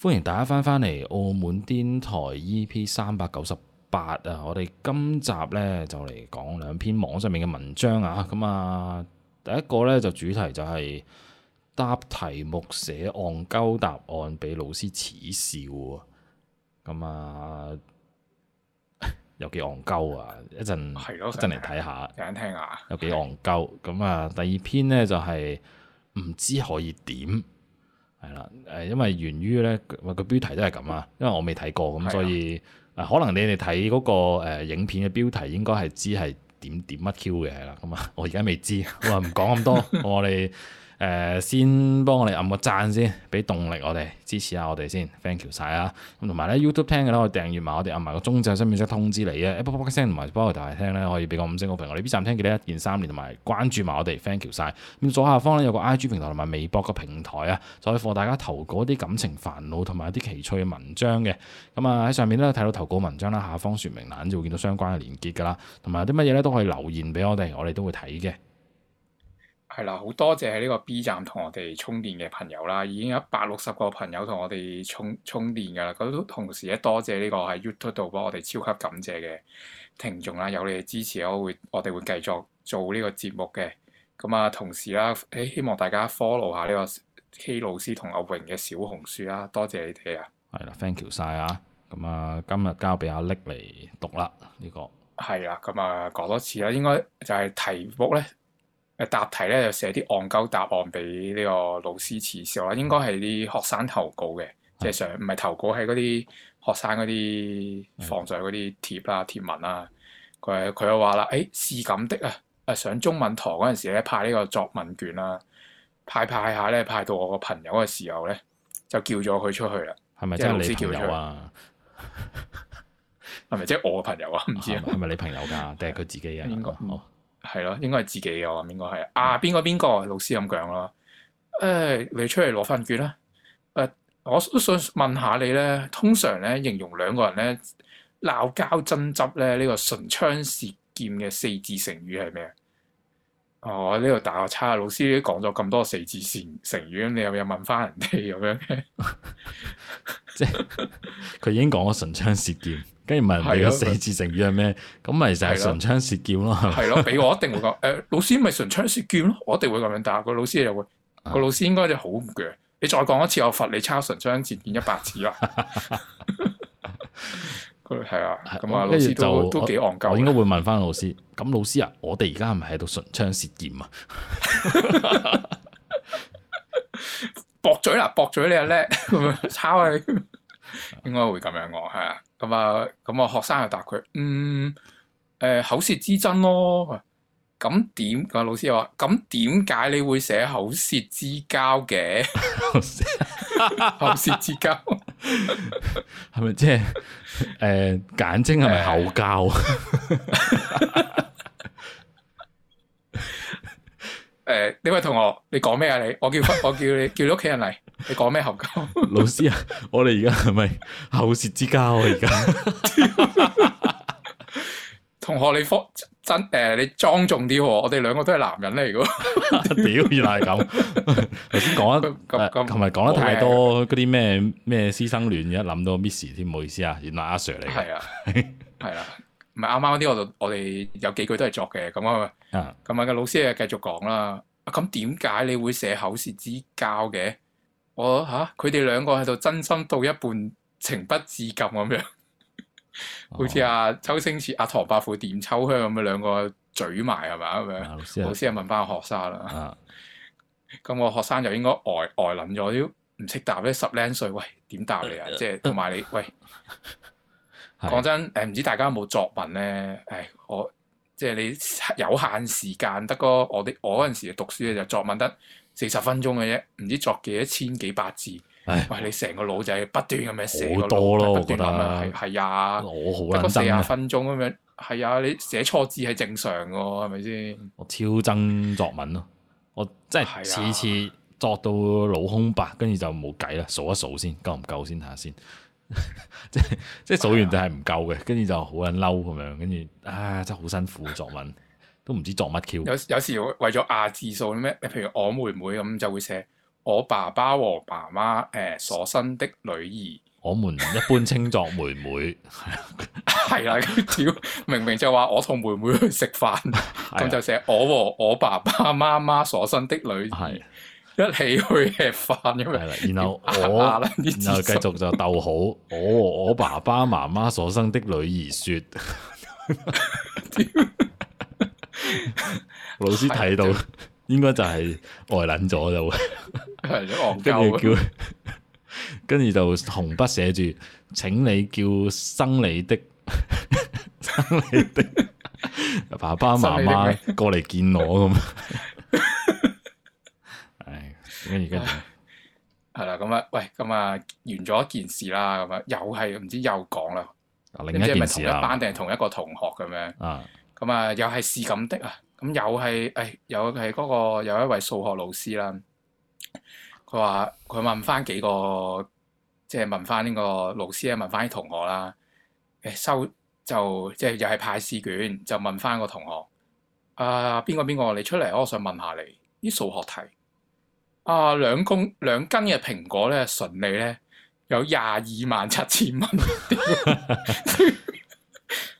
歡迎大家翻返嚟《澳門癲台》EP 三百九十八啊！我哋今集呢，就嚟講兩篇網上面嘅文章啊！咁啊，第一個呢，就主題就係、是、答題目寫戇鳩答案俾老師恥笑啊！咁啊，有幾戇鳩啊！一陣真嚟睇下，有人聽啊！有幾戇鳩咁啊！第二篇呢、就是，就係唔知可以點。係啦，誒，因為源於咧，佢個標題都係咁啊，因為我未睇過，咁所以誒，的可能你哋睇嗰個、呃、影片嘅標題應該係知係點點乜 Q 嘅，係啦，咁啊，我而家未知，我唔講咁多， 我哋。誒，uh, 先幫我哋按個讚先，俾動力我哋支持下我哋先，thank you 晒啊！咁同埋咧 YouTube 聽嘅咧可以訂閱埋我哋，按埋個鐘就新面即通知你啊！一卜卜聲同埋幫我哋聽咧可以俾個五星好評。我哋 B 站聽記得一鍵三連同埋關注埋我哋，thank you 晒！咁左下方咧有個 IG 平台同埋微博嘅平台啊，就可以幫大家投稿啲感情煩惱同埋一啲奇趣嘅文章嘅。咁啊喺上面咧睇到投稿文章啦，下方説明欄就會見到相關嘅連結噶啦，同埋啲乜嘢咧都可以留言俾我哋，我哋都會睇嘅。係啦，好多謝喺呢個 B 站同我哋充電嘅朋友啦，已經有一百六十個朋友同我哋充充電噶啦，咁都同時咧多謝呢個喺 YouTube 度幫我哋超級感謝嘅聽眾啦，有你哋支持，我會我哋會繼續做呢個節目嘅。咁啊，同時啦，希望大家 follow 下呢個 K 老師同阿榮嘅小紅書啦，多謝你哋啊。係啦，thank you 晒啊。咁、嗯、啊，今日交俾阿叻嚟讀啦呢、這個。係啦，咁、嗯、啊講多次啦，應該就係題目咧。答題咧，就寫啲戇鳩答案俾呢個老師恥笑啊！應該係啲學生投稿嘅，的即係上唔係投稿喺嗰啲學生嗰啲放上嗰啲貼啦貼的文啦。佢佢又話啦，誒、欸、是咁的啊！誒上中文堂嗰陣時咧，派呢個作文卷啦，派派下咧，派到我個朋友嘅時候咧，就叫咗佢出去啦。係咪即係老師叫出啊？係咪即係我個朋友啊？唔知啊。係 咪、啊、你朋友㗎？定係佢自己啊？ 應該。係咯，應該係自己，我諗應該係啊！邊個邊個老師咁講咯？誒，你出嚟攞份卷啦！誒、呃，我都想問，問下你咧，通常咧形容兩個人咧鬧交爭執咧呢、呢個唇槍舌劍嘅四字成語係咩啊？哦，呢度打個叉。老師講咗咁多四字成成語，咁你有冇問翻人哋咁樣？ 即係佢已經講咗唇槍舌劍。 跟住咪係個四字成語係咩？咁咪就係唇槍舌劍咯。係咯，俾我一定會講。誒，老師咪唇槍舌劍咯，我一定會咁樣答。個老師就會，個老師應該就好唔攰你再講一次，我罰你抄唇槍舌劍一百次啦。係啊，咁啊，老師就都幾戇鳩。我應該會問翻老師，咁老師啊，我哋而家係咪喺度唇槍舌劍啊？駁嘴啦，駁嘴你又叻，咁樣抄你？應該會咁樣講，係啊。咁啊，咁啊，學生又答佢，嗯，誒、呃、口舌之爭咯。咁、嗯、點？咁、嗯、啊，老師又話，咁點解你會寫口舌之交嘅？口舌， 口舌之交係咪即係誒簡稱係咪口交？是 誒，呢位同學，你講咩啊？你我叫我叫你叫你屋企人嚟，你講咩後交？老師啊，我哋而家係咪後舌之交啊？而家同學，你方真誒，你莊重啲，我哋兩個都係男人嚟噶。屌，原來係咁，頭先講咁咁，同埋講得太多嗰啲咩咩師生戀，一諗到 Miss 添，唔好意思啊，原來阿 Sir 嚟，係啊，係啦。唔咪啱啱啲，剛剛我度我哋有幾句都係作嘅。咁啊，咁 啊，個老師啊繼續講啦。咁點解你會寫口舌之交嘅？我嚇佢哋兩個喺度真心到一半，情不自禁咁樣，好似阿周星馳阿唐、啊、伯虎點秋香咁啊，兩個嘴埋係咪咁樣？老師啊，老師啊，問翻學生啦。咁個學生就應該呆呆愣咗，都唔識答咧，十零歲，喂，點答你啊？即係同埋你，喂。 講真，誒唔知大家有冇作文咧？誒我即係你有限時間得嗰我哋我嗰陣時讀書嘅就作文得四十分鐘嘅啫，唔知作幾多千幾百字？喂唉、哎、你成個腦就係不斷咁樣寫個腦，不斷諗啊，係好啊，得個四十分鐘咁樣，係啊，你寫錯字係正常喎，係咪先？我超憎作文咯，我真係次次作到腦空白，跟住的就冇計啦，數一數先，夠唔夠先睇下先。數 即係即係數完就係唔夠嘅，跟住就好捻嬲咁樣，跟住啊真係好辛苦作文，都唔知作乜 Q。有有時為咗壓、啊、字數咩？譬如我妹妹咁就會寫我爸爸和媽媽誒所生的女兒。 我們一般稱作妹妹，係啦、 啊，明明就話我同妹妹去食飯，咁就寫我和我爸爸媽媽所生的女兒。一起去吃飯咁樣，了然後我，呃、然後繼續就逗好 我我爸爸媽媽所生的女兒說， 老師睇到 應該就係呆捻咗就，跟住叫，跟住 就紅筆寫住，請你叫生你的 生你的爸爸媽媽媽過嚟見我咁。 而家係啦，咁啊、嗯，喂，咁、嗯、啊、嗯，完咗一件事啦，咁啊，又係唔知又講啦，咁即係咪同一班定係同一個同學咁樣？咁啊，嗯嗯、又係試咁的啊，咁又係，誒，又係、哎嗰個又、嗰個、又一位數學老師啦。佢話佢問翻幾個，即、就、係、是、問翻呢個老師啊，問翻啲同學啦。誒、哎，收就即係、就是、又係派試卷，就問翻個同學。啊，邊個邊個你出嚟？我想問，問下你啲數學題。啊，兩公兩斤嘅蘋果咧，純利咧有廿二萬七千蚊。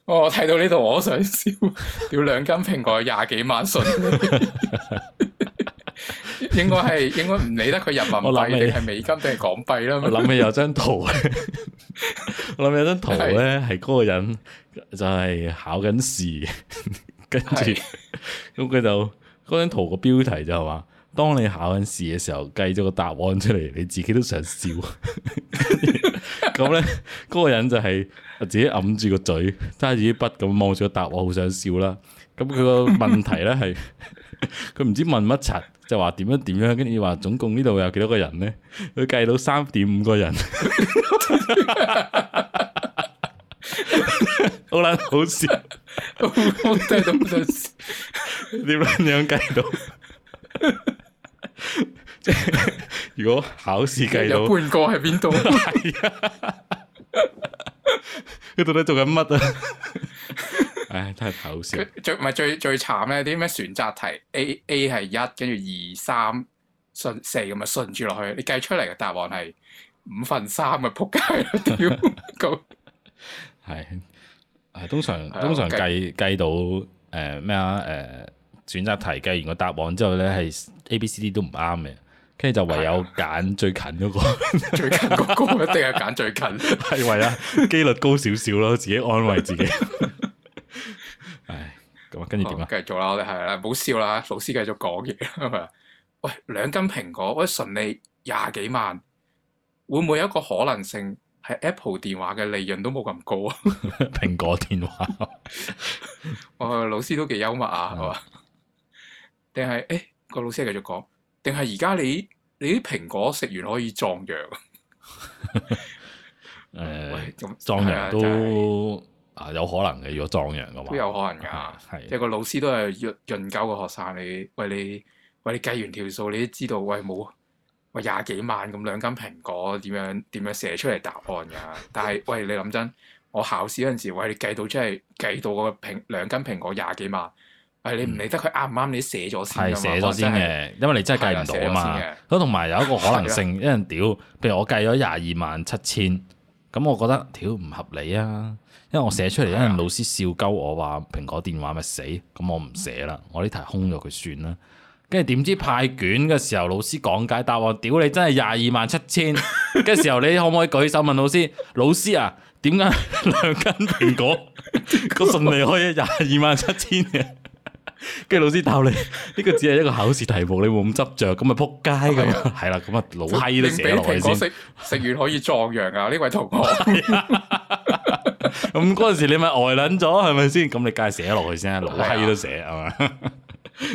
哦、我睇到呢度，我都想笑。屌兩斤蘋果有廿幾萬純利。 應，應該係應該唔理得佢人民幣你係美金定係港幣啦。我諗起有張圖， 我諗起有張圖咧，係嗰個人就係考緊試的跟住咁佢就嗰張圖個標題就係話。當你考緊試嘅時候，計咗個答案出嚟，你自己都想笑。咁 咧，嗰、嗰個人就係自己揞住個嘴，揸住啲筆咁望住個答案，好想笑啦。咁佢個問題咧係，佢唔知問乜柒，就話點樣點樣，跟住話總共呢度有幾多個人咧？佢計到三點五個人，好撚好笑，我真唔知點樣計到。即係 如果考試計有半個喺邊度？你 到底做緊乜啊？唉、 哎，真係搞笑！最唔係最最慘咧，啲咩選擇題？A A 係一，跟住二三順四咁啊，順住落去，你計出嚟嘅答案係五分三啊，撲街！ 屌，係係通常通常計計 Yeah, okay. 到誒咩啊？誒、呃。選擇題計完個答案之後咧，係 A、B、C、D 都唔啱嘅，跟住就唯有揀最近嗰、嗰個， 最近嗰個一定係揀最近，係為啦，機率高少少咯，自己安慰自己。 唉，咁跟住點啊？繼、哦、續做啦，我哋係啦，唔好笑啦，老師繼續講嘢 喂，兩斤蘋果，喂，純利廿幾萬，會唔會有一個可能性係 Apple 電話嘅利潤都冇咁高啊？蘋 果電話，哇、 哦，老師都幾幽默 啊，係嘛、哦？定係誒個老師係繼續講，定係而家你你啲蘋果食完可以壯陽。 呃、喂，咁壯陽都啊，是啊有可能嘅，如果壯陽嘅話都有可能㗎。係即係個老師都係潤潤教個學生，你喂你喂你計完條數，你都知道喂冇喂廿幾萬咁兩斤蘋果點樣點樣寫出嚟答案㗎？但係 喂你諗真，我考試嗰陣時喂你計到真係計到個蘋兩斤蘋果廿幾萬。係你唔理得佢啱唔啱，你寫咗先。係寫咗先嘅，因為你真係計唔到啊嘛。咁同埋有一個可能性， 的因為屌，譬如我計咗廿二萬七千，咁我覺得屌唔合理啊！因為我寫出嚟，一陣、嗯、老師笑鳩我話蘋果電話咪死，咁我唔寫啦，我呢題空咗佢算啦。跟住點知派卷嘅時候，老師講解答案，屌你真係廿二萬七千嘅時候， 你可唔可以舉手問老師？老師啊，點解兩斤蘋果個順利可以廿二萬七千嘅？ 跟住老師教你，呢個只係一個考試題目，你冇咁執着，咁咪撲街咁樣，係啦，咁啊老閪都寫落去先。食完可以壯陽啊！呢位同學，咁嗰陣時你咪呆捻咗係咪先？咁你梗係寫落去先，老閪都寫係嘛？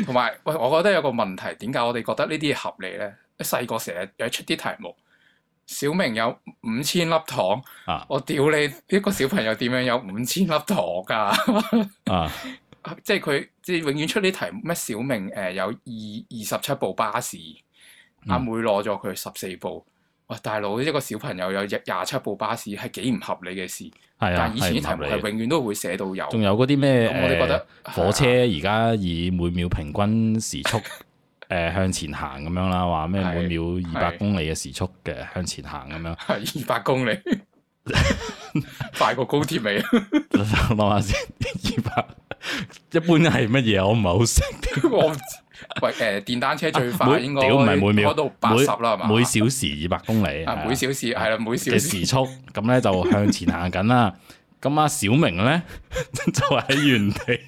同埋，喂，我覺得有個問題，點解我哋覺得呢啲嘢合理咧？細個成日有出啲題目，小明有五千粒糖，我屌你一個小朋友，點樣有五千粒糖噶？啊，即係佢。即係永遠出啲題，咩小明誒、呃、有二二十七部巴士，阿妹攞咗佢十四部，哇！大佬一個小朋友有廿七部巴士係幾唔合理嘅事。係啊的，但以前啲題目係永遠都會寫到有。仲有嗰啲咩？我哋覺得火車而家以每秒平均時速誒、 呃、向前行咁樣啦，話咩每秒二百公里嘅時速嘅向前行咁樣，係二百公里快過 高鐵未？諗 下 先，二百。一般係乜嘢？我唔係好識。我唔知喂，誒，電單車最快應該屌唔係每秒，嗰度八十啦，係嘛？每小時二百公里啊，每小時係啦，每小時嘅時速咁咧就向前行緊啦。咁啊，小明咧就喺原地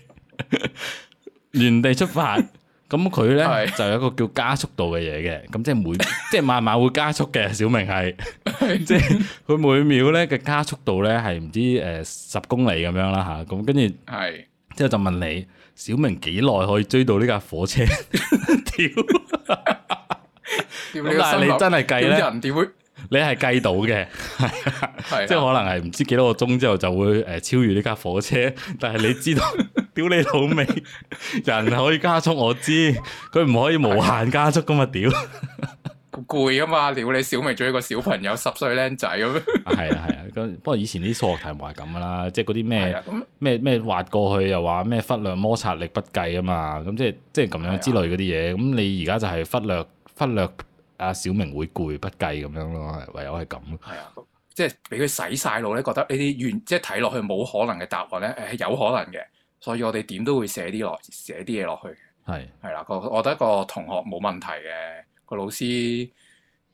原地出發。咁佢咧就有一個叫加速度嘅嘢嘅。咁即係每即係慢慢會加速嘅。小明係即係佢每秒咧嘅加速度咧係唔知誒十公里咁樣啦吓。咁跟住係。之後就問你，小明幾耐可以追到呢架火車？屌！但係你真係計咧，人屌，你係計到嘅，係即係可能係唔知幾多個鐘之後就會誒超越呢架火車。但係你知道屌你老味，人可以加速，我知佢唔可以無限加速噶嘛？屌！攰啊嘛！撩你小明仲一個小朋友十歲僆仔咁，係啊係啊，咁、啊啊、不過以前啲數學題唔係咁噶啦，即係嗰啲咩咩咩滑過去又話咩忽略摩擦力不計啊嘛，咁即係即係咁樣之類嗰啲嘢，咁、啊、你而家就係忽略忽略阿小明會攰不計咁樣咯，唯有係咁。係啊，即係俾佢洗晒腦咧，覺得呢啲原即係睇落去冇可能嘅答案咧，誒有可能嘅，所以我哋點都會寫啲落寫啲嘢落去。係係啦，我我覺得一個同學冇問題嘅。個老師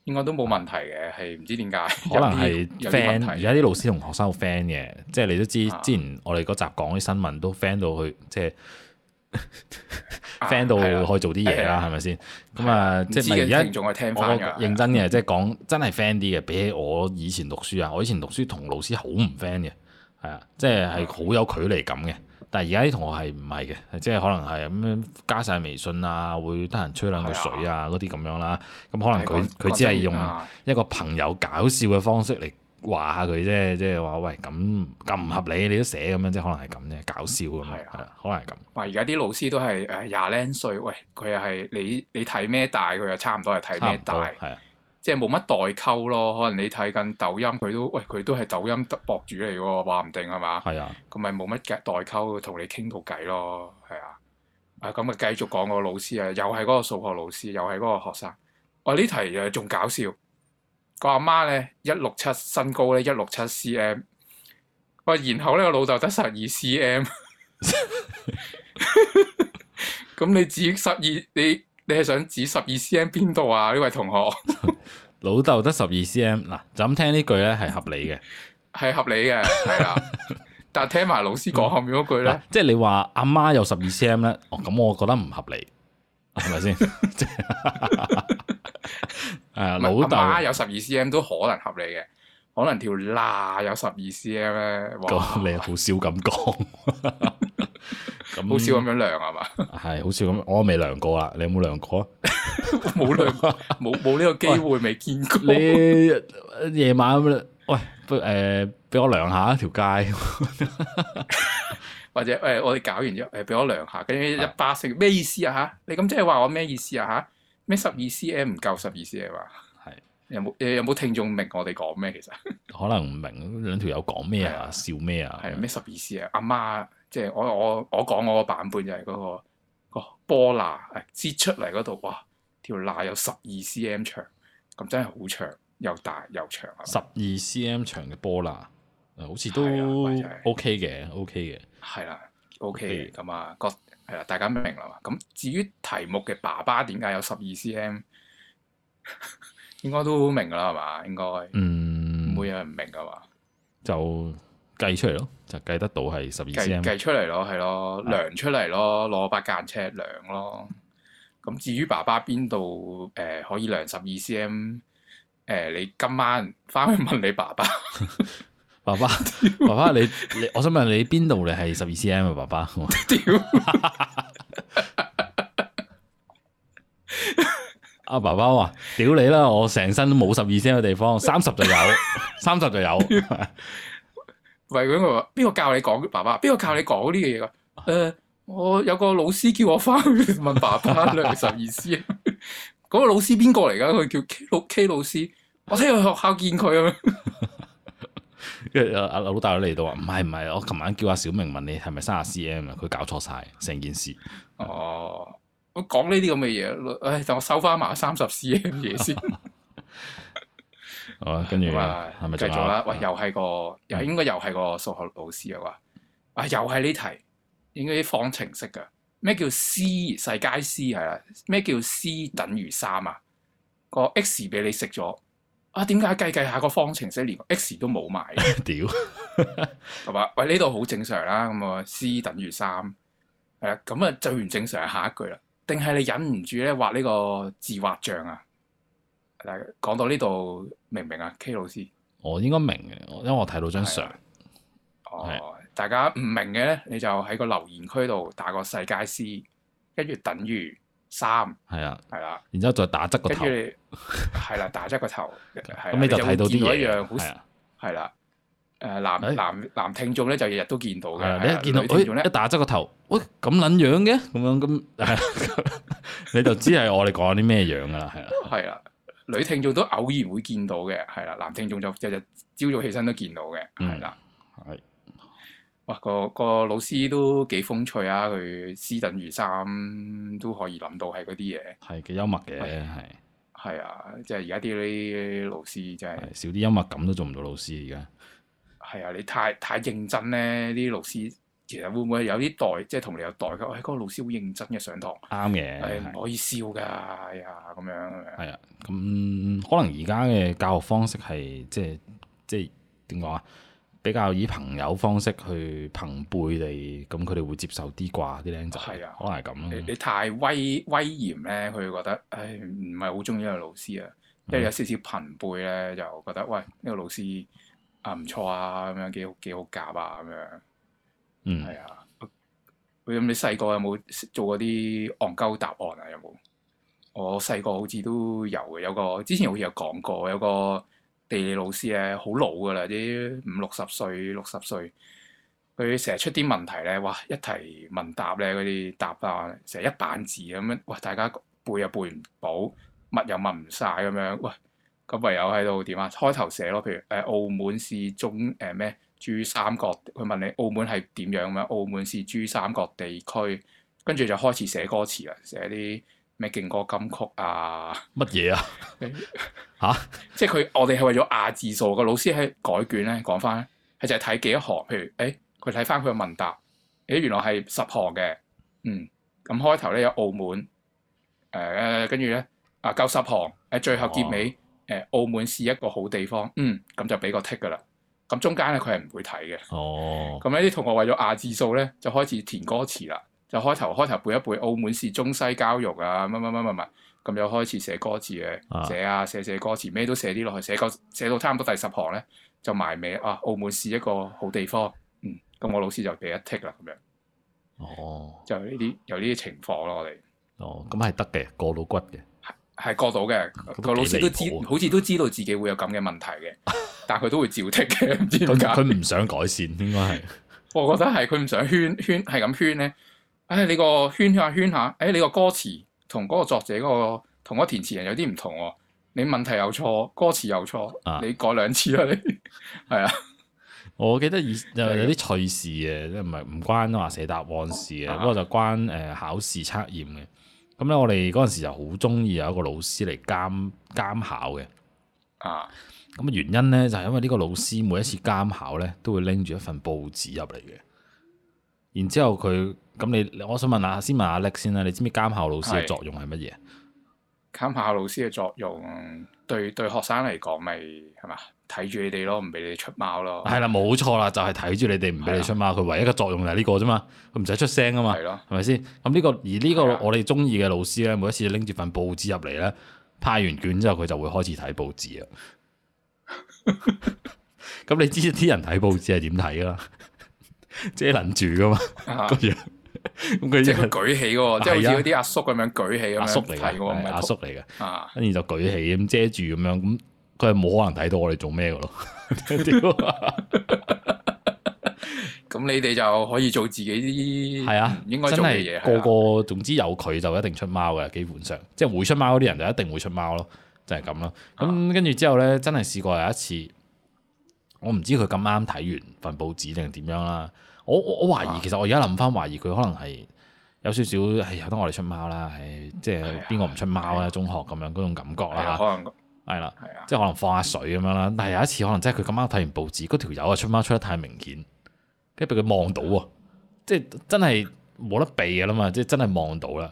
應該都冇問題嘅，係唔知點解。可能係 friend，而家啲老師同學生好 friend 嘅，即係你都知之前我哋嗰集講啲新聞都 friend 到去，即係 friend 到可以做啲嘢啦，係咪先？咁啊，即係而家聽眾可以聽翻嘅，認真嘅，即係講真係 friend 啲嘅。比起我以前讀書啊，我以前讀書同老師好唔 friend 嘅，係啊，即係係好有距離感嘅。但係而家啲同學係唔係嘅，即係可能係咁樣加晒微信啊，會得閒吹兩句水啊，嗰啲咁樣啦、啊。咁可能佢佢只係用一個朋友搞笑嘅方式嚟話下佢啫，即係話喂咁咁唔合理，你都寫咁樣，即係可能係咁嘅，搞笑㗎嘛、啊啊，可能咁。哇！而家啲老師都係誒廿零歲，喂，佢又係你你睇咩大，佢又差唔多係睇咩大。即係冇乜代溝咯，可能你睇緊抖音，佢都喂佢都係抖音博主嚟喎，話唔定係嘛？係啊，咁咪冇乜嘅代溝同你傾到偈咯，係啊。啊咁啊，繼續講個老師啊，又係嗰個數學老師，又係嗰個學生。我、啊、呢題仲搞笑，個阿媽,媽呢，一六七身高呢，一六七 cm，喂，然後呢個老豆得十二 cm，咁你自己十二你？你係想指十二 cm 邊度啊？呢位同學， 老豆得十二 cm 嗱，就咁聽呢句咧係合理嘅，係 合理嘅，係啦。 但係聽埋老師講後面嗰句咧，即係你話阿媽有十二 cm 咧，哦咁我覺得唔合理，係咪先？即誒，老豆有十二 cm 都可能合理嘅，可能條罅有十二 cm 咧。你好少咁講。嗯、好少咁樣量啊嘛？係好少咁，我未量過啊，你有冇量過啊？冇 量過，冇冇呢個機會，未見過。你夜晚咁，喂，誒、呃，俾我量下條街， 或者誒、欸，我哋搞完之後，誒、欸，俾我量下，跟住一百四，咩是意思啊？吓，你咁即係話我咩意思啊？吓，咩十二 cm 唔夠十二 cm 啊？係、啊、是有冇誒？有冇聽眾明我哋講咩？其實可能唔明兩條友講咩啊？笑咩啊？係咩十二 cm 啊？阿媽、啊。啊即係我我我講我個版本就係嗰個波罅誒擠出嚟嗰度，哇條罅有十二 cm 長，咁真係好長又大又長啊！十二 cm 長嘅波罅，好似都 OK 嘅，OK 嘅。係啦，OK 咁啊，OK OK 個係啦，大家明啦嘛。咁至於題目嘅爸爸點解有十二 cm， 應該都好明㗎啦，係嘛？應該嗯，唔會有人唔明㗎嘛？就。計出嚟咯，就計得到係十二 cm。計出嚟咯，係咯，量出嚟咯，攞把間尺量咯。咁至於爸爸邊度誒可以量十二 cm？誒、欸，你今晚翻去問你爸爸。 爸爸，爸爸，你你，我想問你邊度你係十二 cm 啊？爸爸？我屌！阿爸爸話：屌你啦，我成身都冇十二 cm 嘅地方，三十就有，三十就有。 唔係，咁我話邊個教你講爸爸？邊個教你講呢個嘢㗎？誒、呃，我有個老師叫我翻去問爸爸兩十二思。嗰 個老師邊個嚟㗎？佢叫 K 老 K 老師。我聽日去學校見佢 啊。跟住阿老大嚟到話：唔係唔係，我琴晚叫阿小明問你係咪三十 CM 啊？佢搞錯晒，成件事。 哦，我講呢啲咁嘅嘢，唉，就我收翻埋三十 CM 嘢先。 好啦，跟住係咪繼續啦。是是喂，又係個，又、嗯、應該又係個數學老師啊？話啊，又係呢題，應該啲方程式嘅。咩叫 C 世界 C 係啊？咩叫 C 等於三啊？個 X 俾你食咗啊？點解計計下個方程式連個 X 都冇埋，屌係嘛？喂，呢度好正常啦。咁啊，C 等於三係啊。咁啊，最唔正常下一句啦。定係你忍唔住咧畫呢個自畫像啊？講到呢度明唔明啊，K 老師？我應該明嘅，因為我睇到張相。係。大家唔明嘅咧，你就喺個留言區度打個世界 C，跟住等於三。係啊，係啦。然之後再打側個頭，係啦，打側個頭。咁你就睇到啲嘢。係啦。誒，男男男聽眾咧就日日都見到嘅。你一見到聽一打側個頭，喂，咁捻樣嘅？咁樣咁係你就知係我哋講啲咩樣㗎喇。係啊，係啊。女聽眾都偶然會見到嘅，係啦；男聽眾就日日朝早起身都見到嘅，係啦。係、嗯，哇！個個老師都幾風趣啊，佢私等如三，都可以諗到係嗰啲嘢。係幾幽默嘅，係。係啊，即係而家啲啲老師就係少啲幽默感，都做唔到老師而家。係啊，你太太認真咧，啲老師。其實會唔會有啲代即係、就是、同你有代溝？喂、哎、嗰、那個老師好認真嘅上堂。啱嘅是，唔、哎、可以笑㗎的、哎、呀咁樣。係啊，咁可能而家嘅教學方式係即係即係點講啊？比較以朋友方式去朋輩哋，咁佢哋會接受啲啩啲靚仔。係啊，的的可能係咁。你你太威威嚴咧，佢會覺得唉唔係好中意呢個老師啊。即係、嗯、有少少朋輩咧，就覺得喂呢、這個老師啊唔錯啊，咁樣幾好幾好夾啊咁樣。嗯，係啊、哎。咁你細個有冇做過啲戇鳩答案啊？有冇？我細個好似都有嘅，有個之前好似有講過，有個地理老師咧，好老噶啦，啲五六十歲、六十歲，佢成日出啲問題咧，哇！一題問答咧，嗰啲答案成日一版字咁樣，哇！大家背又背唔到，乜又問唔晒咁樣，喂，咁唯有喺度點啊？開頭寫咯，譬如誒、呃、澳門市中誒咩？呃珠三角，佢問你澳門係點樣咩？澳門是珠三角地區，跟住就開始寫歌詞啦，寫啲咩勁歌金曲啊？乜嘢啊？吓？即係佢，我哋係為咗亞、啊、字數個老師喺改卷咧，講翻，佢就係睇幾多行。譬如，誒、欸，佢睇翻佢嘅問答，誒、欸，原來係十行嘅，嗯，咁開頭咧有澳門，誒、呃，跟住咧啊夠十行，誒，最後結尾，誒、哦，澳門是一個好地方，嗯，咁就俾個剔 i 㗎啦。咁中間咧佢係唔會睇嘅。哦。咁呢啲同學為咗亞字數咧，就開始填歌詞啦。就開頭開頭背一背《澳門係中西教育》啊，乜乜乜乜乜，咁又開始寫歌詞嘅，啊寫啊寫寫歌詞，咩都寫啲落去，寫夠寫到差唔多第十行咧，就埋尾啊，《澳門係一個好地方》。嗯。咁我老師就俾一剔 i 啦，咁樣。哦。就呢啲有呢啲情況咯，我哋。哦，咁係得嘅，過到骨嘅。係過到嘅，個老師都知，啊、好似都知道自己會有咁嘅問題嘅，啊、但係佢都會照踢嘅，唔知點解。佢佢唔想改善，應該係。我覺得係佢唔想圈圈，係咁圈咧。唉、哎，你個圈圈下圈下，唉、哎，你個歌詞同嗰個作者嗰、嗰個同嗰填詞人有啲唔同喎、啊。你問題有錯，歌詞有錯，你改兩次啦，你係啊。 啊我記得以有啲趣事嘅，即係唔係唔關話寫答案事嘅，不過就關誒考試測驗嘅。啊啊咁咧，我哋嗰陣時就好中意有一個老師嚟監監考嘅。啊，咁原因咧就係、是、因為呢個老師每一次監考咧，都會拎住一份報紙入嚟嘅。然之後佢咁，你我想問下，先問阿力先啦，你知唔知監考老師嘅作用係乜嘢？監考老師嘅作用，對對學生嚟講咪係嘛？睇住你哋咯，唔俾你哋出貓咯。係啦，冇錯啦，就係睇住你哋，唔俾你出貓。佢唯一嘅作用就係呢個啫嘛，佢唔使出聲啊嘛。係咯，係咪先？咁呢個而呢個我哋中意嘅老師咧，每一次拎住份報紙入嚟咧，派完卷之後，佢就會開始睇報紙啊。咁你知啲人睇報紙係點睇噶啦遮撚住噶嘛，咁樣咁佢即係舉起噶，即係好似啲阿叔咁樣舉起阿叔嚟噶，阿叔嚟噶，跟住就舉起咁遮住咁樣咁。佢係冇可能睇到我哋做咩嘅咯，咁你哋就可以做自己啲係啊，應該真係個個，啊、總之有佢就一定出貓嘅，基本上即係、就是、會出貓嗰啲人就一定會出貓咯，就係咁咯。咁跟住之後咧，真係試過有一次，我唔知佢咁啱睇完份報紙定係點樣啦。我我我懷疑，其實我而家諗翻懷疑佢可能係有少少，哎呀，由得我哋出貓啦，係、哎、即係邊個唔出貓啊？哎、呦中學咁樣嗰種感覺啦、哎，可係啦，即係可能放下水咁樣啦。但係有一次可能即係佢咁啱睇完報紙，嗰條友啊出貓出得太明顯，跟住俾佢望到啊，即係真係冇得避噶啦嘛，即係真係望到啦。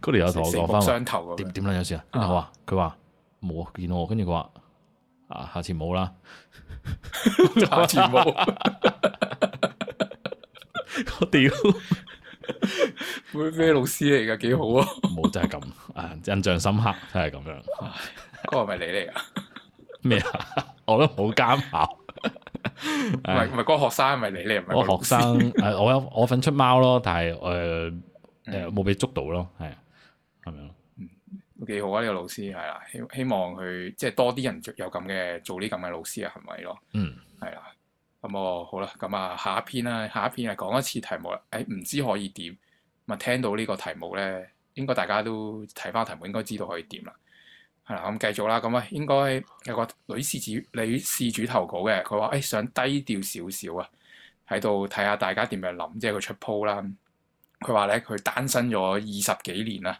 嗰條友同我講翻，點點樣樣先啊？佢話佢話冇啊，見到我，跟住佢話啊，下次冇啦， 下次冇沒， 我屌！咩 老師嚟噶？幾好啊！冇就係咁，啊印象深刻，真係咁樣。嗰 個係咪你嚟噶？咩啊 什麼？ 我都冇監考。唔係唔係，嗰個學生係咪你嚟？唔係我學生。誒，我有我份出貓咯，但係誒誒冇俾捉到咯，係啊，咁樣咯。嗯，幾好啊！呢、這個老師係啦，希希望佢即係多啲人有咁嘅做呢咁嘅老師嘅行為咯。嗯，係啦。咁哦，好啦，咁啊下一篇啦，下一篇係講一次題目啦。誒、哎、唔知可以點？咪聽到呢個題目咧，應該大家都睇翻題目應該知道可以點啦。係、嗯、啦，咁繼續啦。咁啊，應該有個女事主，女事主投稿嘅，佢話誒想低調少少啊，喺度睇下大家點樣諗，即係佢出鋪啦。佢話咧，佢單身咗二十幾年啦，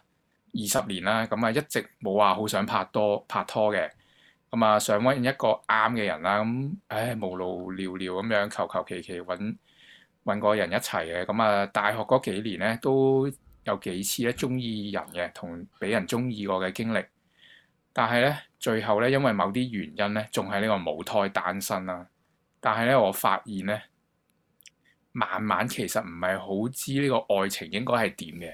二十年啦，咁啊一直冇話好想拍多拍拖嘅。咁啊，想揾一個啱嘅人啦，咁唉無路聊聊咁樣，求求其其揾揾個人一齊嘅。咁啊，大學嗰幾年咧，都有幾次咧中意人嘅，同俾人中意我嘅經歷。但係咧，最後咧，因為某啲原因咧，仲係呢個母胎單身啦。但係咧，我發現咧，慢慢其實唔係好知呢個愛情應該係點嘅。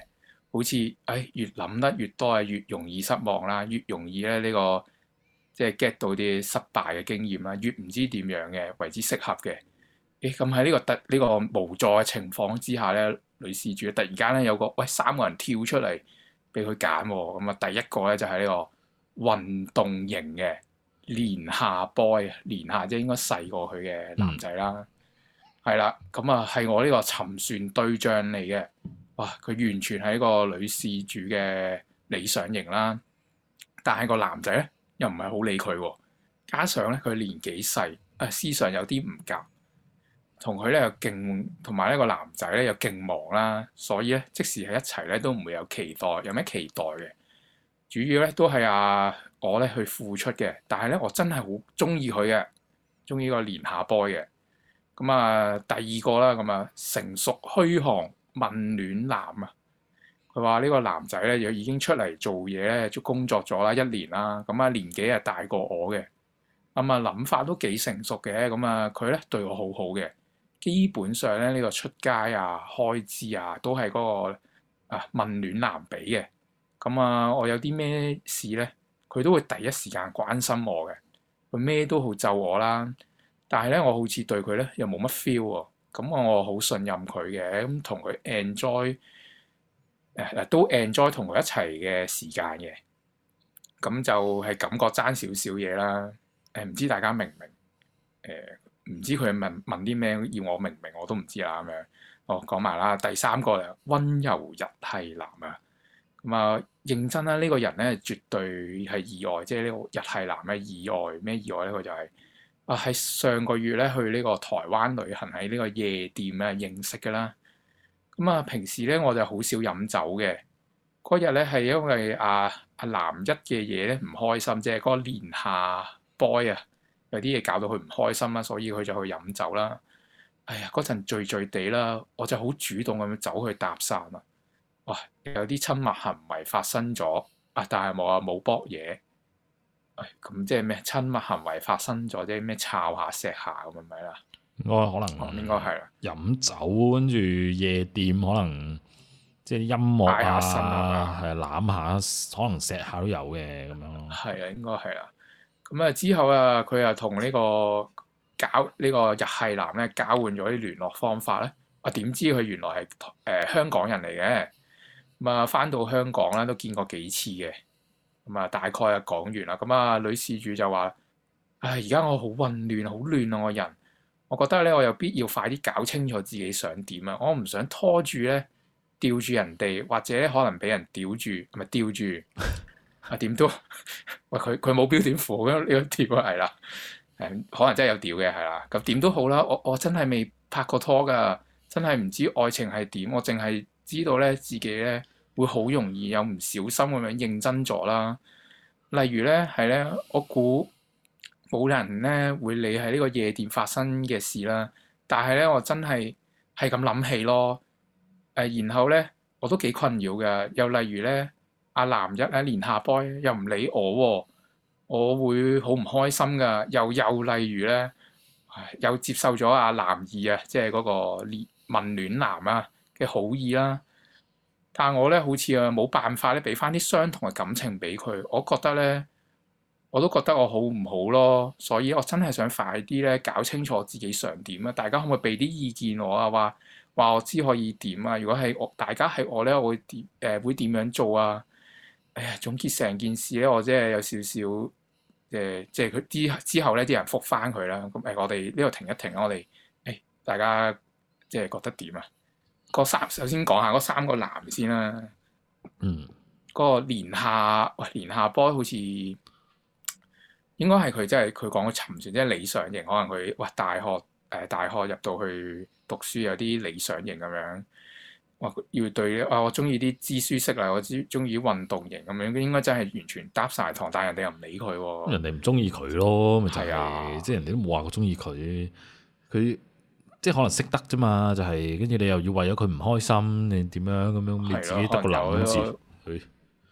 好似唉，越諗得越多啊，越容易失望啦，越容易咧、這、呢個。即係 get 到啲失敗嘅經驗啦，越唔知點樣嘅為之適合嘅。誒咁喺呢個突呢個無助嘅情況之下咧，女事主突然間咧有個喂，三個人跳出嚟俾佢揀咁啊。第一個咧就係呢個運動型嘅年下 boy 年下啫，應該細過佢嘅男仔啦，係啦。咁啊係我呢個沉船對象嚟嘅哇，佢完全係一個女事主嘅理想型啦。但係個男仔咧。又唔係好理佢，啊，加上咧佢年紀細，啊思想有啲唔夾，同佢咧又勁，同埋呢個男仔咧又勁忙啦，啊，所以咧即使係一齊咧都唔會有期待，有咩期待嘅？主要咧都係啊我咧去付出嘅，但係咧我真係好中意佢嘅，中意個年下 boy 嘅。咁啊，第二個啦，咁啊成熟噓寒問暖男啊。佢話呢個男仔咧，又已經出嚟做嘢，做工作咗啦一年啦。咁啊年紀又大過我嘅，咁啊諗法都幾成熟嘅。咁啊佢咧對我好好嘅，基本上咧呢個出街啊、開支啊都係嗰個啊問暖男俾嘅。咁啊我有啲咩事咧，佢都會第一時間關心我嘅。佢咩都好就我啦。但係咧我好似對佢咧又冇乜 feel 喎。咁我我好信任佢嘅，咁同佢 enjoy。都 enjoy 同佢一齊嘅時間嘅，咁就係感覺爭少少嘢啦。誒、呃、唔知大家明唔明？誒、呃、唔知佢問問啲咩要我明唔明我都唔知啦咁樣。我、哦、講埋啦，第三個咧温柔日系男啊。咁、嗯、啊認真啦，呢、呢個人咧絕對係意外，即係呢個日系男嘅意外咩意外咧？佢就係、是、啊喺上個月咧去呢個台灣旅行喺呢個夜店咧認識㗎啦。咁啊、嗯，平時咧我就好少飲酒嘅。嗰日咧係因為阿阿男一嘅嘢咧唔開心啫。即係、個年下 boy 啊，有啲嘢搞到佢唔開心啦，所以佢就去飲酒啦。哎呀，嗰陣醉醉地啦，我就好主動咁走去搭訕啊。哇，有啲親密行為發生咗啊，但係冇啊，冇搏嘢。咁即係咩親密行為發生咗？即係咩摷下錫下咁係咪啦？應該可能，應該係啦。飲酒跟住夜店，可能即係音樂啊，係啊，攬下，可能錫下都有嘅咁樣咯。係啊，應該係啦。咁啊，之後啊，佢啊同呢個搞呢個日系男咧，交換咗啲聯絡方法咧。我、啊、點知佢原來係誒、呃、香港人嚟嘅？咁啊，翻到香港咧都見過幾次嘅。咁啊，大概啊講完啦。咁啊，女事主就話：唉、哎，而家我好混亂，好亂咯，我人。我覺得咧，我有必要快啲搞清楚自己想點啊！我唔想拖住咧，吊住人哋，或者可能俾人吊住，咪吊住， 啊點都喂佢佢冇標點符嘅、啊、你、這個貼啊係啦，誒、嗯、可能真係有吊嘅係啦，咁點、啊、都好啦，我我真係未拍過拖㗎，真係唔知愛情係點，我淨係知道咧自己咧會好容易有唔小心咁樣認真咗啦。例如咧係咧，我估。冇人咧會理喺呢個夜店發生嘅事啦，但係咧我真係係咁諗起咯，誒、呃，然後咧我都幾困擾嘅。又例如咧，阿、啊、男一咧年下 boy 又唔理我喎、哦，我會好唔開心㗎。又又例如咧，又接受咗阿、啊、男二啊，即係嗰個暖問暖男啊嘅好意啦，但係我咧好似啊冇辦法咧俾返啲相同嘅感情俾佢，我覺得咧。我都覺得我好唔好咯，所以我真係想快啲咧搞清楚自己想點啊！大家可唔可以俾啲意見我啊？話話我知可以點啊？如果係我大家係我咧，我會誒、呃、會點樣做啊？誒、哎、總結成件事咧，我真係有少少誒，即係佢之之後咧啲人覆返佢啦。咁、呃、誒，我哋呢度停一停我哋誒、哎、大家即係、呃、覺得點啊？三首先講下嗰三個男先啦，嗯，嗰個連下喂連下波好似。應該係佢真係佢講嘅沉船，即係理想型。可能佢哇，大學誒、呃、大學入到去讀書有啲理想型咁樣，哇要對啊，我中意啲知書識禮，我知中意啲運動型咁樣。應該真係完全搭晒堂，但係人哋又唔理佢。人哋唔中意佢咯，咪就係、係啊，即係人哋都冇話過中意佢。佢即係可能識得啫嘛，就係跟住你又要為咗佢唔開心，你點樣咁樣？係自己得個兩個字。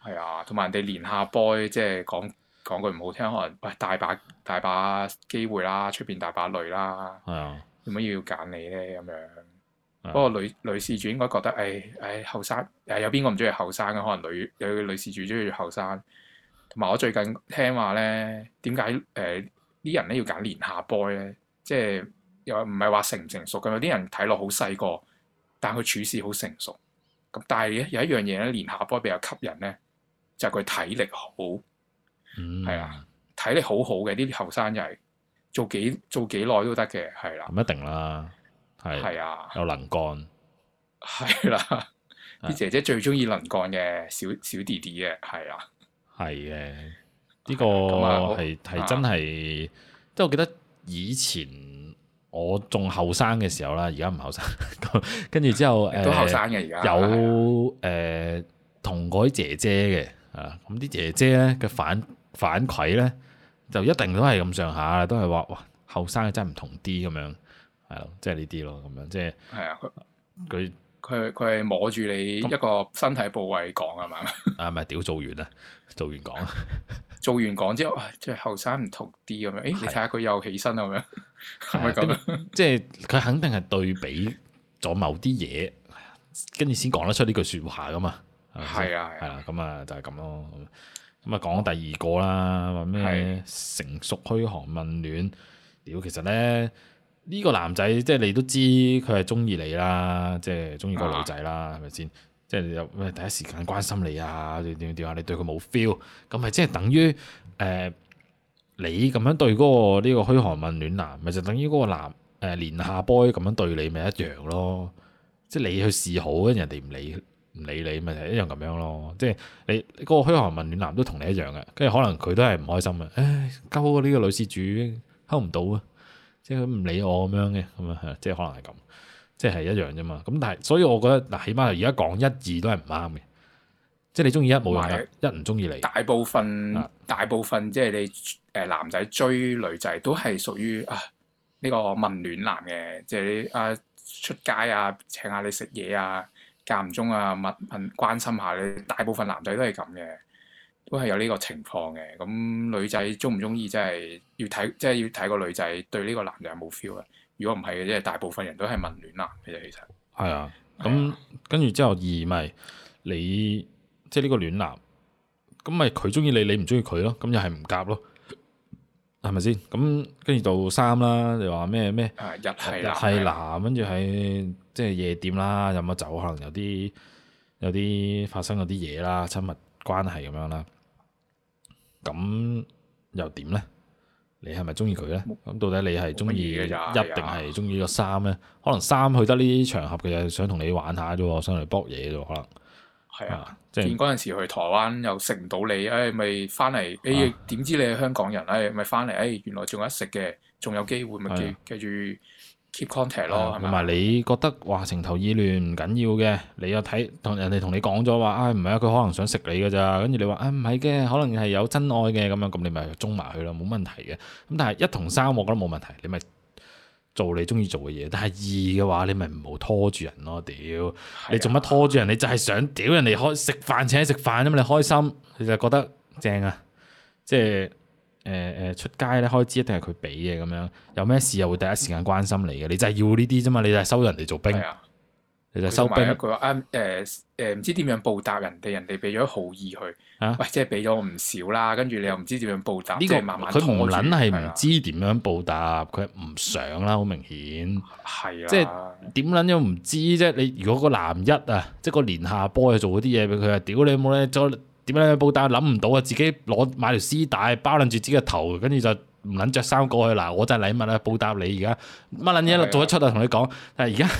係啊，同埋、呢個啊、人哋連下 boy 即係講。講句唔好聽，可能喂大把大把機會啦，出邊大把女啦，做乜 Yeah. 要揀你咧？咁樣 Yeah. 不過女女事主應該覺得，誒誒後生誒有邊個唔中意後生嘅？可能女有女事主中意後生，同埋我最近聽話咧，點解誒啲人咧要揀年下 boy 咧？即係，又唔係話成唔成熟嘅？有啲人睇落好細個，但佢處事好成熟。咁但係有一樣嘢咧，年下 boy 比較吸引咧，就係佢體力好。嗯，係啊，睇你好好嘅呢啲後生就係，做幾做幾耐都得嘅，係啦，唔一定啦，係，係啊，有能幹，係啦，啲姐姐最中意能幹嘅小小弟弟嘅，係啊，係、嗯、嘅，呢個係係真係，即係我記得以前我仲後生嘅時候啦，而家唔後生，跟住之後誒，都後生嘅而家，有誒同嗰啲姐姐嘅啊，咁、嗯、啲姐姐咧嘅反。嗯反饋咧，就一定都係咁上下，都係話哇，後生真係唔同啲咁樣，係咯，即係呢啲咯，咁樣即係。係啊，佢佢佢佢係摸住你一個身體部位講吖嘛？啊係咪屌，做完啦，做完講，做完講之後，即係後生唔同啲咁樣。誒，你睇下佢又起身咁樣，係咪咁？即係佢肯定係對比咗某啲嘢，跟住先講得出呢句説話噶嘛。係啊係啊，咁啊就係咁咯。咁啊，講第二個啦，話咩成熟噓寒問暖，屌，其實咧呢個男仔，即係你都知佢係中意你啦，即係中意個女仔啦，係咪先？即係有咩第一時間關心你啊？點點點啊，你對佢冇 feel，咁咪即係等於誒、呃，你咁樣對嗰個呢個噓寒問暖男，咪就是、等於嗰個男誒年下 boy 咁樣對你咪一樣咯？即、就、係、是、你去示好，跟人哋唔理。唔理你咪就係一樣咁樣咯，即係你，你個虛寒問暖男都同你一樣嘅，跟住可能佢都係唔開心嘅。唉，溝呢個女事主溝唔到啊，即係佢唔理我咁樣嘅，咁啊係，即係可能係咁，即係一樣啫嘛。咁但係所以我覺得嗱，起碼而家講一二都係唔啱嘅，即係你中意一冇用是一唔中意你。大部分，啊、大部分即係，就是，你誒男仔追女仔都係屬於啊呢、這個問暖男嘅，即，就，係，是，你啊出街啊請下你食嘢啊。間唔中啊，問問關心下你，大部分男仔都係咁嘅，都係有呢個情況嘅。咁、嗯、女仔中唔中意，真係要睇，即係要睇個女仔對呢個男人有冇 feel 啊？如果唔係嘅，即係大部分人都係問戀男嘅啫。其實係啊，咁跟住之後二咪你，即係呢個戀男，咁咪佢中意你，你唔中意佢咯，咁又係唔夾咯，係咪先？咁跟住到三啦，你話咩咩？日系男？日系男啊，日系男，跟住喺。即係夜店啦，飲咗酒可能有啲有啲發生嗰啲嘢啦，親密關係咁樣啦，咁又點咧？你係咪中意佢咧？咁沒到底你係中意一定係中意個三咧？的可能三去得呢啲場合嘅，想同你玩下啫，想嚟卜嘢啫，可能係的啊。即係嗰陣時去台灣又食唔到你，唉，咪翻嚟？哎，點、啊哎、知你係香港人？唉、哎，咪翻嚟？哎，原來仲有得食嘅，仲有機會，咪繼繼續。的的 keep contact 咯吧，同埋你覺得話情投意亂唔緊要嘅，你又睇同人哋同你講咗話，唉唔係啊，佢可能想食你㗎咋，跟住你話，唉唔係嘅，可能係有真愛嘅咁樣，咁你咪中埋佢啦，冇問題嘅。咁但係一同三，我覺得冇問題，你咪做你中意做嘅嘢。但係二嘅話，你咪唔好拖住人咯，屌的你做乜拖住人？你就係想屌人哋開食飯請食飯啫嘛，你開心你就覺得正啊，即係。誒誒，出街咧，開支一定係佢俾嘅咁樣，有咩事又會第一時間關心你嘅，你就係要呢啲啫嘛，你就係收人哋做兵，的你就收兵一個啊，誒誒、嗯呃呃、唔知點樣報答人哋，人哋俾咗好意佢，喂、啊，即係俾咗唔少啦，跟住你又唔知點樣報答，呢係、這個、慢佢唔撚係唔知點樣報答，佢唔的想啦，好明顯，即係點撚都唔知啫。你如果個男一啊，即係個年下波去做咗啲嘢俾佢啊，屌你冇咧，點樣報答諗唔到啊！自己攞買條絲帶包撚住自己個頭，跟住就唔撚着衫過去啦，我就係禮物啦，報答你，而家乜撚嘢都做得出啊！同你講，但係而家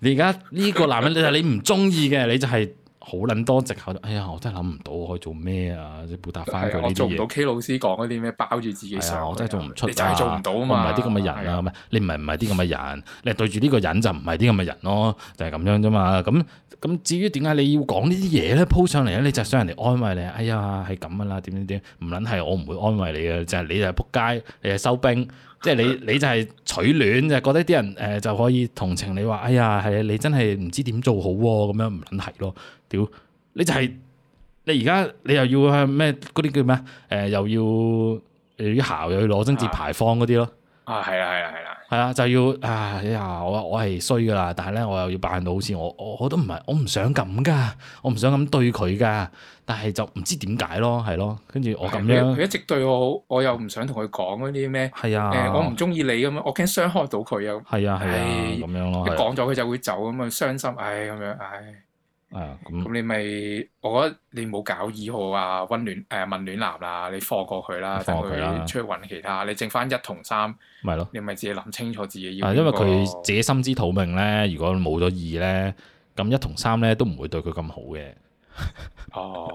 你而家呢個男人 你係你唔鍾意嘅，你就係、是。好撚多藉口，哎呀，我真係諗唔到可以做咩啊！你的補答翻佢你做唔到。K 老師講嗰啲咩包住自己上我真係做唔出。你真係做唔到吖嘛？唔係啲咁嘅人啊？的你唔係唔係啲咁嘅人？的你對住呢個人就唔係啲咁嘅人咯，啊，就係、是、咁樣啫嘛。咁咁至於點解你要講呢啲嘢咧？鋪上嚟咧，你就想人哋安慰你。哎呀，係咁噶啦，點點點，唔撚係我唔會安慰你嘅，就係、是、你就係撲街，你就係收兵。即係你你就係取暖，就覺得啲人誒、呃、就可以同情你話，哎呀係啊，你真係唔知點做好咁、啊、樣？唔撚係咯，屌，你就係、是、你而家你又要咩嗰啲叫咩誒，又要又要姣，又要攞貞節牌坊嗰啲咯。啊，係啊，係啊，係啦、啊，係啦、啊，就要啊，哎、呀，我我係衰噶啦，但係咧，我又要扮到好似我我我都唔係，我唔想咁噶，我唔想咁對佢噶，但係就唔知點解咯，係咯，跟住我咁樣，佢一直對我好，我又唔想同佢講嗰啲咩，係啊，我唔中意你咁樣，我驚傷害到佢啊，係啊係啊，咁樣咯，一講咗佢就會走咁樣，傷心、啊，唉，咁樣、啊，唉。啊，咁咁你咪，我覺得你冇搞二號啊，溫暖誒問暖男啦，你放過佢啦，放過佢啦，等佢出去揾其他，你剩翻一同三，咪咯，你咪自己諗清楚自己要。啊，因為佢自己心知肚明咧，如果冇咗二咧，咁一同三咧都唔會對佢咁好嘅。哦，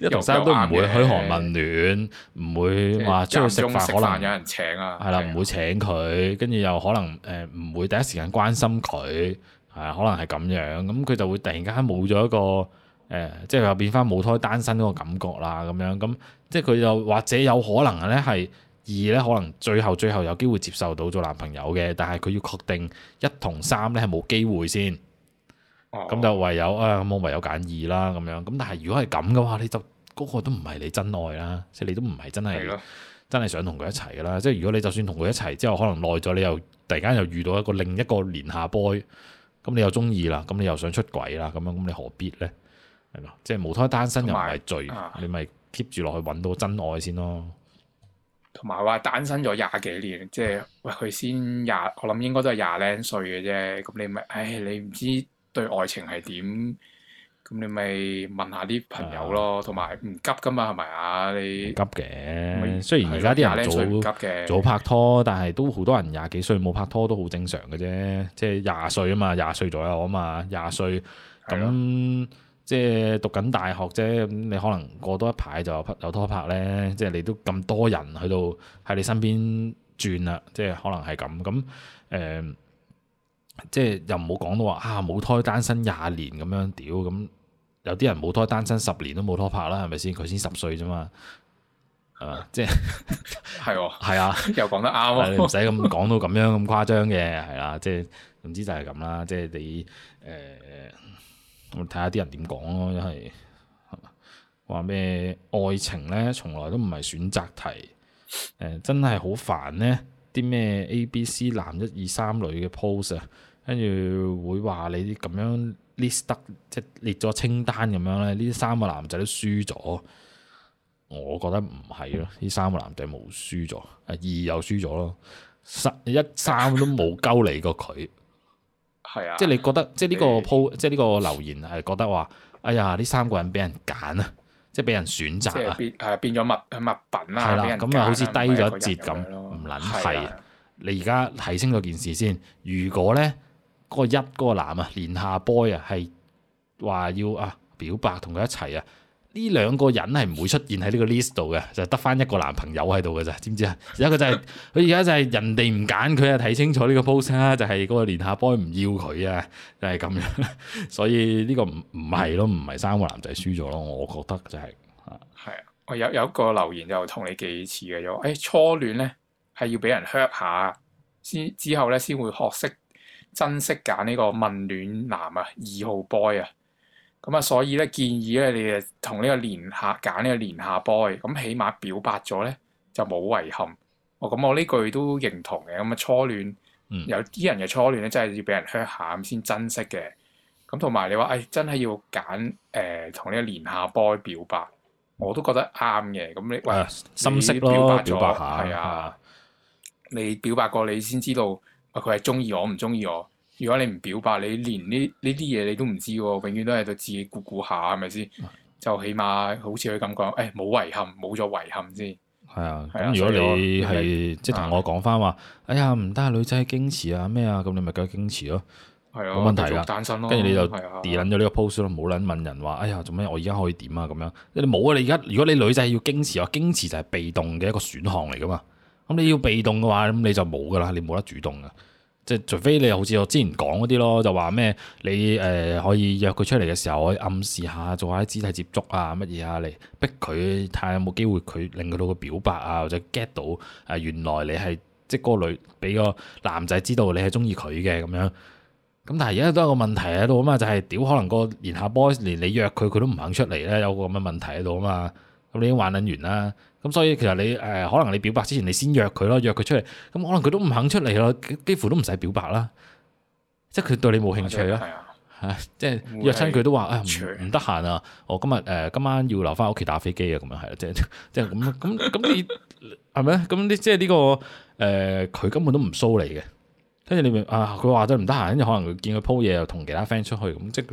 一同三都唔會噓寒問暖，唔會話出去食飯可能有人請啊，係啦，唔會請佢，跟住又可能誒唔會第一時間關心佢。啊，可能係咁樣，咁佢就會突然間冇咗一個誒、呃，即係又變翻母胎單身嗰個感覺啦。咁樣咁，即係佢又或者有可能咧係二咧，可能最後最後有機會接受到做男朋友嘅，但係佢要確定一同三咧係冇機會先。哦、啊，咁就唯有啊，咁我唯有揀二啦，咁樣咁。但係如果係咁嘅話，你就嗰、嗰個都唔係你真愛啦，即係你都唔係真係的真係想同佢一齊噶啦。即係如果你就算同佢一齊之後，可能耐咗，你又突然間又遇到一個另一個年下 boy。咁你又中意啦，咁你又想出軌啦，咁樣咁你何必呢？係嘛，即係母胎單身又唔係罪，啊、你咪 keep 住落去揾到真愛先咯。同埋話單身咗廿幾年，即係喂佢先廿，我諗應該都係廿零歲嘅啫。咁你咪唉，你唔知對愛情係點？咁你咪問下啲朋友咯，同埋唔急噶嘛，係咪啊？你唔急嘅，雖然而家啲人早急早拍拖，但係都好多人廿幾歲冇拍拖都好正常嘅啫。即係廿歲啊嘛，廿歲左右啊嘛，廿歲咁即係讀緊大學啫。咁你可能過多一排就有拍有拖拍咧。即係你都咁多人去到喺你身邊轉啦，即係可能係咁。咁誒、呃，即係又唔好講到話啊母胎單身廿年咁樣，屌咁。有啲人冇拖單身十年都冇拖拍啦，係咪先？佢先十歲啫嘛， 啊，即係， 係喎， 係啊，又講得啱，啊、就是。你唔使咁講到咁樣咁誇張嘅，係啦，即係唔知就係咁啦，即係你誒，我睇下啲人點講咯，因係話咩愛情咧，從來都唔係選擇題，誒、呃、真係好煩咧，啲咩 A、B、C 男一二三女嘅 pose 啊，跟住會話你啲咁樣。list 得即係列咗清單咁樣咧，呢三個男仔都輸咗，我覺得唔係咯，呢三個男仔冇輸咗，二又輸咗咯，十一三都冇鳩你過佢，係啊，即係你覺得即係呢個 po 即係呢個留言係覺得話，哎呀，呢三個人俾人揀啊，即係俾人選擇啊，係變咗物物品啦、啊，係啦、啊，咁啊好似低咗一截咁，唔撚係。你而家睇清咗件事先，如果咧？個一個男啊，連下 boy 啊，係話要啊表白同佢一齊啊，呢兩個人係唔會出現喺呢個 list 度嘅，就係得翻一個男朋友喺度嘅咋，知唔知啊？有一個就係佢而家就係人哋唔揀佢啊，睇清楚呢個 post 啦，就係嗰個連下 boy 唔要佢啊，就係、是、咁樣，所以呢個唔唔係咯，唔係三個男仔輸咗咯，我覺得就係、是，係啊，我有有一個留言就同你幾次嘅，就、欸、誒初戀咧係要俾人 hurt 下先之後咧先會學識。珍惜揀呢個問暖男啊，二號 boy 啊，咁啊，所以咧建議咧，你同呢個年下揀呢個年下 boy，咁起碼表白咗咧就冇遺憾。哦、啊，咁、啊、我呢句都認同嘅。咁啊，初戀、嗯、有啲人嘅初戀咧、啊哎，真係要俾人靴下先珍惜嘅。咁同埋你話，誒真係要揀誒同呢個年下 boy 表白，我都覺得啱嘅。咁你喂、啊，深識咯，表白咗？係啊，啊你表白過你先知道。佢係中意我唔中意我。如果你唔表白，你連呢呢啲嘢你都唔知喎。永遠都喺度自己估估下，係咪先？就起碼好似佢咁講，誒、哎、冇遺憾，冇咗遺憾先。係啊。咁、啊、如果你係即係同我講返話，哎呀唔得啊，女仔矜持啊咩啊，咁你咪繼續矜持咯、啊，冇、啊、問題啦。就單身咯、啊，跟住你就 del 咗呢個 post 咯、啊，冇撚問人話，哎呀做咩？我而家可以點啊咁樣？你冇啊！你而家如果你女仔要矜持，矜持就係被動嘅一個選項嚟噶嘛。咁你要被動嘅話，咁你就冇噶啦，你冇得主動嘅，即係除非你又好似我之前講嗰啲咯，就話咩你誒、呃、可以約佢出嚟嘅時候，可以暗示下做下啲肢體接觸啊乜嘢啊，嚟逼佢睇有冇機會，佢令佢到個表白啊或者 get 到啊原來你係即係個女俾個男仔知道你係中意佢嘅咁樣。咁但係而家都有個問題喺度啊嘛，就係、是、屌可能個年下 boy 連你約佢佢都唔肯出嚟咧，有個咁嘅問題喺度啊嘛。咁你已經玩撚完啦。.咁、嗯、所以其實你誒、呃，可能你表白之前你先約佢咯，約佢出嚟，咁、嗯、可能佢都唔肯出嚟咯，幾乎都唔使表白啦，即係佢對你冇興趣咯，係即係約親佢都話啊唔得閒啊，我今日誒、呃、今晚要留翻屋企打飛機啊，咁樣係啦，即係即係咁咁咁你係咪？咁啲 即係呢、這個誒，佢、呃、根本都唔騷你嘅，跟住你咪啊，佢話咗唔得閒，跟住可能佢見佢鋪嘢又同其他 friend 出去，咁即係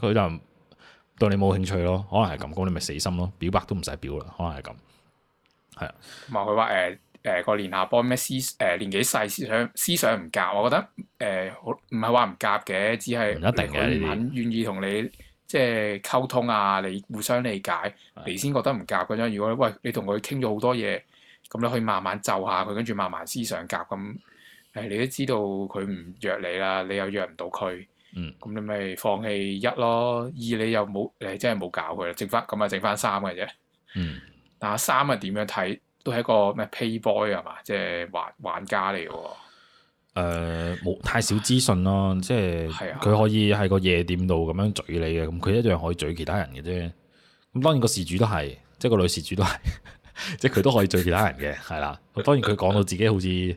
佢就對你冇興趣咯，可能係咁，咁你咪死心咯，表白，白都唔使表啦，可能係咁。係啊，佢話誒誒，個年下波咩思誒、呃、年紀細思想思想唔夾，我覺得誒、呃、好唔係話唔夾嘅，只係一定佢肯願意同你即係溝通啊，你互相理解、啊、你先覺得唔夾咁樣。如果喂，你同佢傾咗好多嘢，咁你可以慢慢就下佢，跟住慢慢思想夾咁。誒、呃、你都知道佢唔約你啦，你又約唔到佢，嗯，咁你咪放棄一咯，二你又冇誒真係冇搞佢啦，剩翻咁啊剩翻三嘅啫，嗯。嗱，三係點樣睇，都係一個咩 playboy 吖嘛，即係玩玩家嚟嘅。冇、呃、太少資訊咯，唉即係佢可以喺個夜店度咁樣嘴你嘅，咁佢、啊、一樣可以嘴其他人嘅啫。咁當然個事主都係，即係個女事主都係，即係佢都可以嘴其他人嘅，係啦。 當然佢講到自己好似。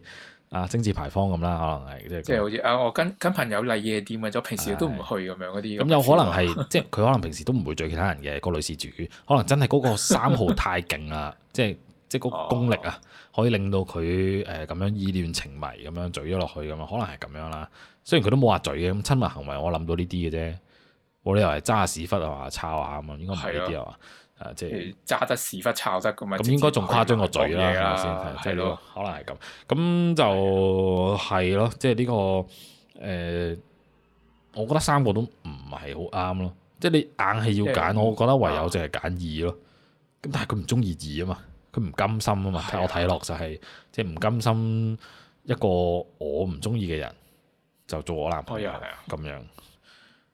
啊，貞節牌坊咁啦，可能係、就是那個、即係即係好似啊，我跟跟朋友嚟夜店啊，就平時都唔去咁樣嗰啲。咁的有可能係 即係佢可能平時都唔會嘴其他人嘅，嗰個女事主，可能真係嗰個三號太勁啦， 即係即係嗰個功力啊，可以令到佢誒咁樣意亂情迷咁樣嘴咗落去咁啊，可能係咁樣啦。雖然佢都冇話嘴嘅咁親密行為我，我諗到呢啲嘅啫。冇理由係揸屎忽啊、抄啊咁啊，應該唔係呢啲啊。啊！即係揸得屎忽炒得咁啊！咁應該仲誇張個嘴啦，先咯，可能係咁。咁就係咯，即係呢個誒，我覺得三個都唔係好啱咯。即係你硬係要揀，我覺得唯有淨係揀二咯。咁但係佢唔中意二啊嘛，佢唔甘心啊嘛。睇我睇落就係即係唔甘心一個我唔中意嘅人就做我男朋友咁樣。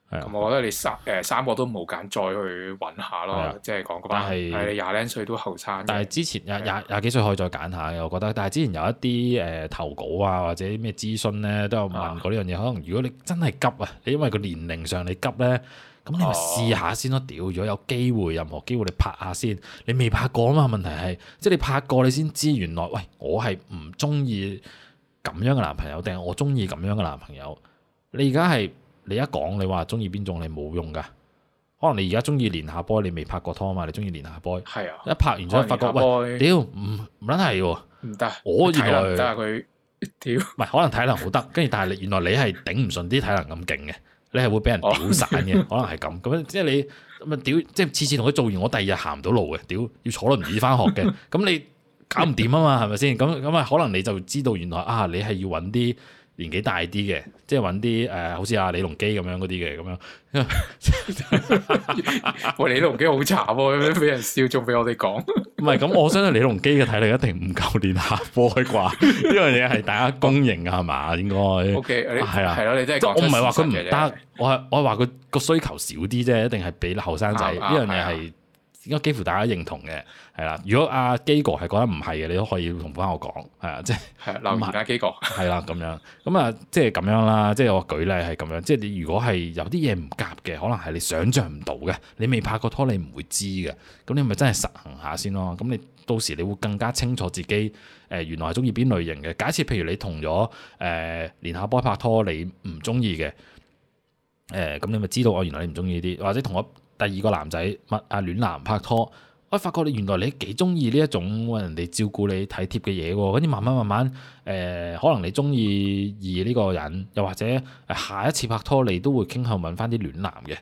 咁、嗯嗯、我覺得你三誒、呃、三個都冇揀，再去揾下咯，嗯嗯、即係講嗰班。但係廿零歲都後生。但係之前廿廿廿幾歲可以再揀下，我覺得。但係之前有一啲誒、呃、投稿啊，或者咩諮詢咧，都有問過呢樣嘢。可能如果你真係急啊，你因為個年齡上你急咧，咁你咪試下先咯。屌、哦，如果有機會，任何機會你拍下先。你未拍過啊嘛？問題係，即係你拍過你先知，原來喂，我係唔中意咁樣嘅男朋友，定係我中意咁樣嘅男朋友？你而家係？你一講你話中意邊種，你冇用噶。可能你而家中意連下波，你未拍過拖嘛？你中意連下波，啊、一拍完之後發覺，喂，你屌，唔唔撚係喎，唔得。行我原來佢屌，唔係可能體能好得，跟住 但係原來你係頂唔順啲體能咁勁嘅，你係會俾人屌散嘅。 可能係咁咁樣，即係你咁啊屌，即係次次同佢做完，我第二日行唔到路嘅，屌要坐輪椅翻學嘅，咁 你搞唔掂啊嘛，係咪先？咁咁啊，可能你就知道原來啊，啊，你係要揾啲。年紀大啲嘅，即係揾啲誒，好似阿李龍基咁樣嗰啲嘅，咁樣喂李龍基好茶噃，咁樣俾人笑，仲俾我哋講，唔係咁，我相信李龍基嘅體力一定唔夠練下波啩，呢樣嘢係大家公認嘅係嘛？應該係啦，係咯，你即係我唔係話佢唔得，我係我係話佢個需求少啲啫，一定係俾後生仔呢樣嘢係。應該幾乎大家認同嘅係啦？如果阿基哥係覺得唔係嘅，你都可以同翻我講，係啊，即係的是留埋阿基哥，係啦咁樣。咁啊，即係咁樣啦。即係我舉例係咁樣。即係你如果係有啲嘢唔夾嘅，可能係你想象唔到嘅。你未拍過拖，你唔會知嘅。咁你咪真係實行下先咯。咁你到時你會更加清楚自己誒、呃、原來係中意邊類型嘅。假設譬如你同咗誒連下波拍拖你，呃、你唔中意嘅誒，咁你咪知道我原來你唔中意啲，或者同我。第二個男仔乜啊戀男拍拖，我發覺你原來你幾中意呢一種人哋照顧你體貼嘅嘢喎，跟住慢慢慢慢誒、呃，可能你中意而呢個人，又或者下一次拍拖你都會傾向揾翻啲戀男嘅，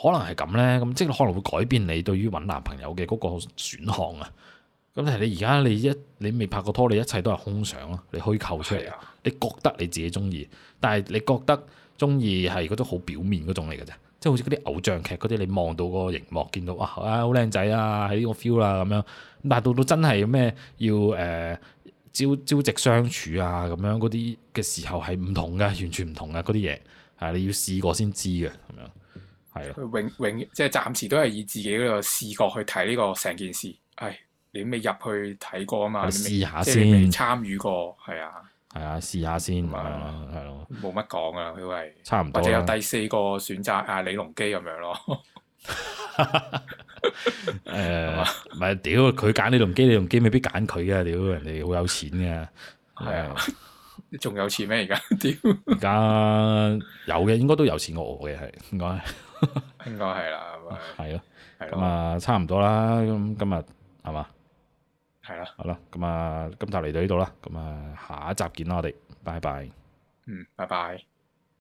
可能係咁呢，咁即係可能會改變你對於揾男朋友嘅嗰個選項啊。咁但係你而家你一你未拍過拖，你一切都係空想啊。你虛構出嚟啊，你覺得你自己中意，但係你覺得中意係嗰種好表面嗰種嚟嘅啫。即係好似嗰啲偶像劇嗰啲，你望到個熒幕，見到哇啊好靚仔啊，喺呢個 feel 啦、啊、咁樣。但係到到真係咩要誒、呃、朝朝夕相處啊咁樣嗰啲嘅時候係唔同嘅，完全唔同嘅，嗰啲嘢係你要試過先知嘅咁樣，係啦。永永即係暫時都係以自己個視覺去睇呢個成件事，係你未入去睇過啊嘛，的你未試下先，你未參與過係啊。係啊，試下先啊，係咯，冇乜講啊，佢係差唔多，或者有第四個選擇啊，李龍基咁樣咯。誒，唔係屌，佢揀李龍基，李龍基未必揀佢啊，屌，人哋好有錢噶，係啊，仲有錢咩而家？屌，而家有嘅，應該都有錢過，我嘅係，應該應該係啦，係咯，咁啊，差唔多啦，咁今日係嘛？係啦，好啦，咁啊，今集嚟到呢度啦，咁啊，下一集見啦，我哋，拜拜，嗯，拜拜。